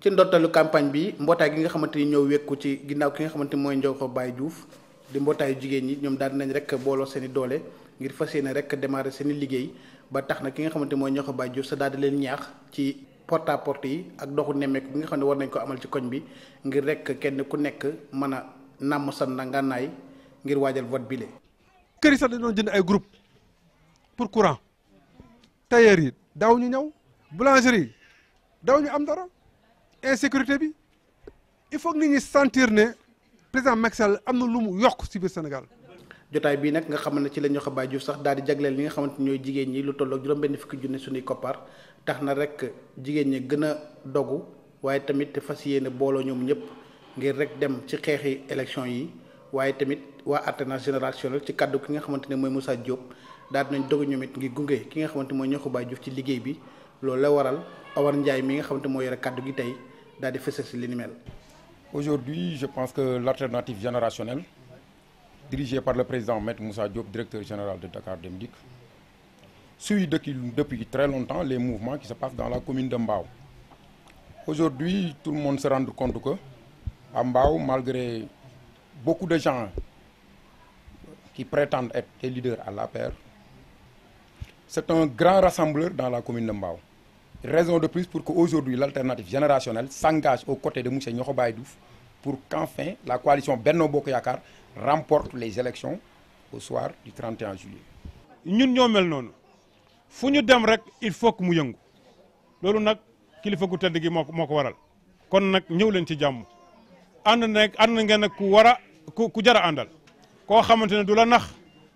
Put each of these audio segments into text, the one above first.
ci ndortalu campagne bi mbootaay gi nga xamante ni ñëw wekku ci ginnaaw ki nga xamante ni mooy Ndiokho Baye Diouf di mbootaayu jigéen ñi ñoom daal nañ rek booloo seeni doole ngir fas yéene rek démarrer seen liggéey ba tax na ki nga xamante ni mooy Ndiokho Baye Diouf sa daal leen ñaax ci porte à porte yi ak doxu nemmeeku bi nga xam ne war nañ ko amal ci koñ bi ngir rek kenn ku nekk mën a nàmm san na ngànnaay ngir waajal vote bi lee kër yi sax dañu jënd ay groupe pour courant tailleur yi daaw ñu ñëw insécurité bi il faut que nit ñi sentir né président Macky amna am na lu mu yokk ci biir Sénégal. jotay bi nak nga xam ci lañu ñoo xam Baye Diouf sax daal di jaglél li nga xamante ñoy jigéen ñi lu tollok juroom benn fukki junne suñu copar taxna rek jigéen ñi gëna dogu waye tamit fas yéene booloo ñoom ñëpp ngir rek dem ci xeexi élection yi waye tamit waa alternance générationnelle ci kaddu ki nga xamante moy Moussa Diop daal di nañ dogu ñoom ngir gungé ki nga xamante moy ñoo xam Baye Diouf ci liggéey bi loolu la waral Awar ndjay mi nga xamante moy yore kaddu gi tay aujourd'hui je pense que l'alternative générationnelle dirigée par le président Maître Moussa Diop directeur général de Dakar Demdik, suit depuis très longtemps les mouvements qui se passent dans la commune de Mbao aujourd'hui tout le monde se rend compte que à Mbao malgré beaucoup de gens qui prétendent être des leaders à la paire, c'est un grand rassembleur dans la commune de Mbao Raison de plus pour qu'aujourd'hui l'alternative générationnelle s'engage aux côtés de Moussé Nyoko Baïdouf pour qu'enfin la coalition Benno Bokoyakar remporte les élections au soir du 31 juillet. Nous sommes mel les fu il faut que nous soyons nous sommes kilifa les tedd gi sommes tous les waral nous sommes tous leen ci Nous sommes tous les ngeen Nous ku tous a ku Nous sommes tous les koo Nous sommes tous les nax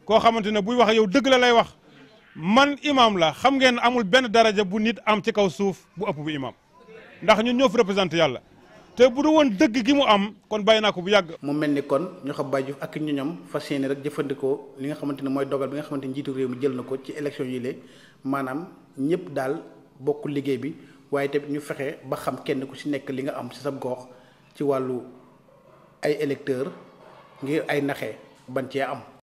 koo xamante wax yow la man imam la xam ngeen amul benn daraja bu nit am ci kaw suuf bu ëpp bu imam ndax ñu ñoo fi représenté yàlla te bu du woon dëgg gi mu am kon bàyyi naa ko bu yàgg. mu mel ni kon ñoo xam Baye ak ak ñoñam fas yéene rek jëfandikoo li nga xamante ne mooy dogal bi nga xamante ne njiitu réew mi jël na ko ci élection yi lée maanaam ñëpp daal bokk liggéey bi waaye te ñu fexe ba xam kenn ku ci nekk li nga am ci sa gox ci wàllu ay électeurs ngir ay naxe ban cee am.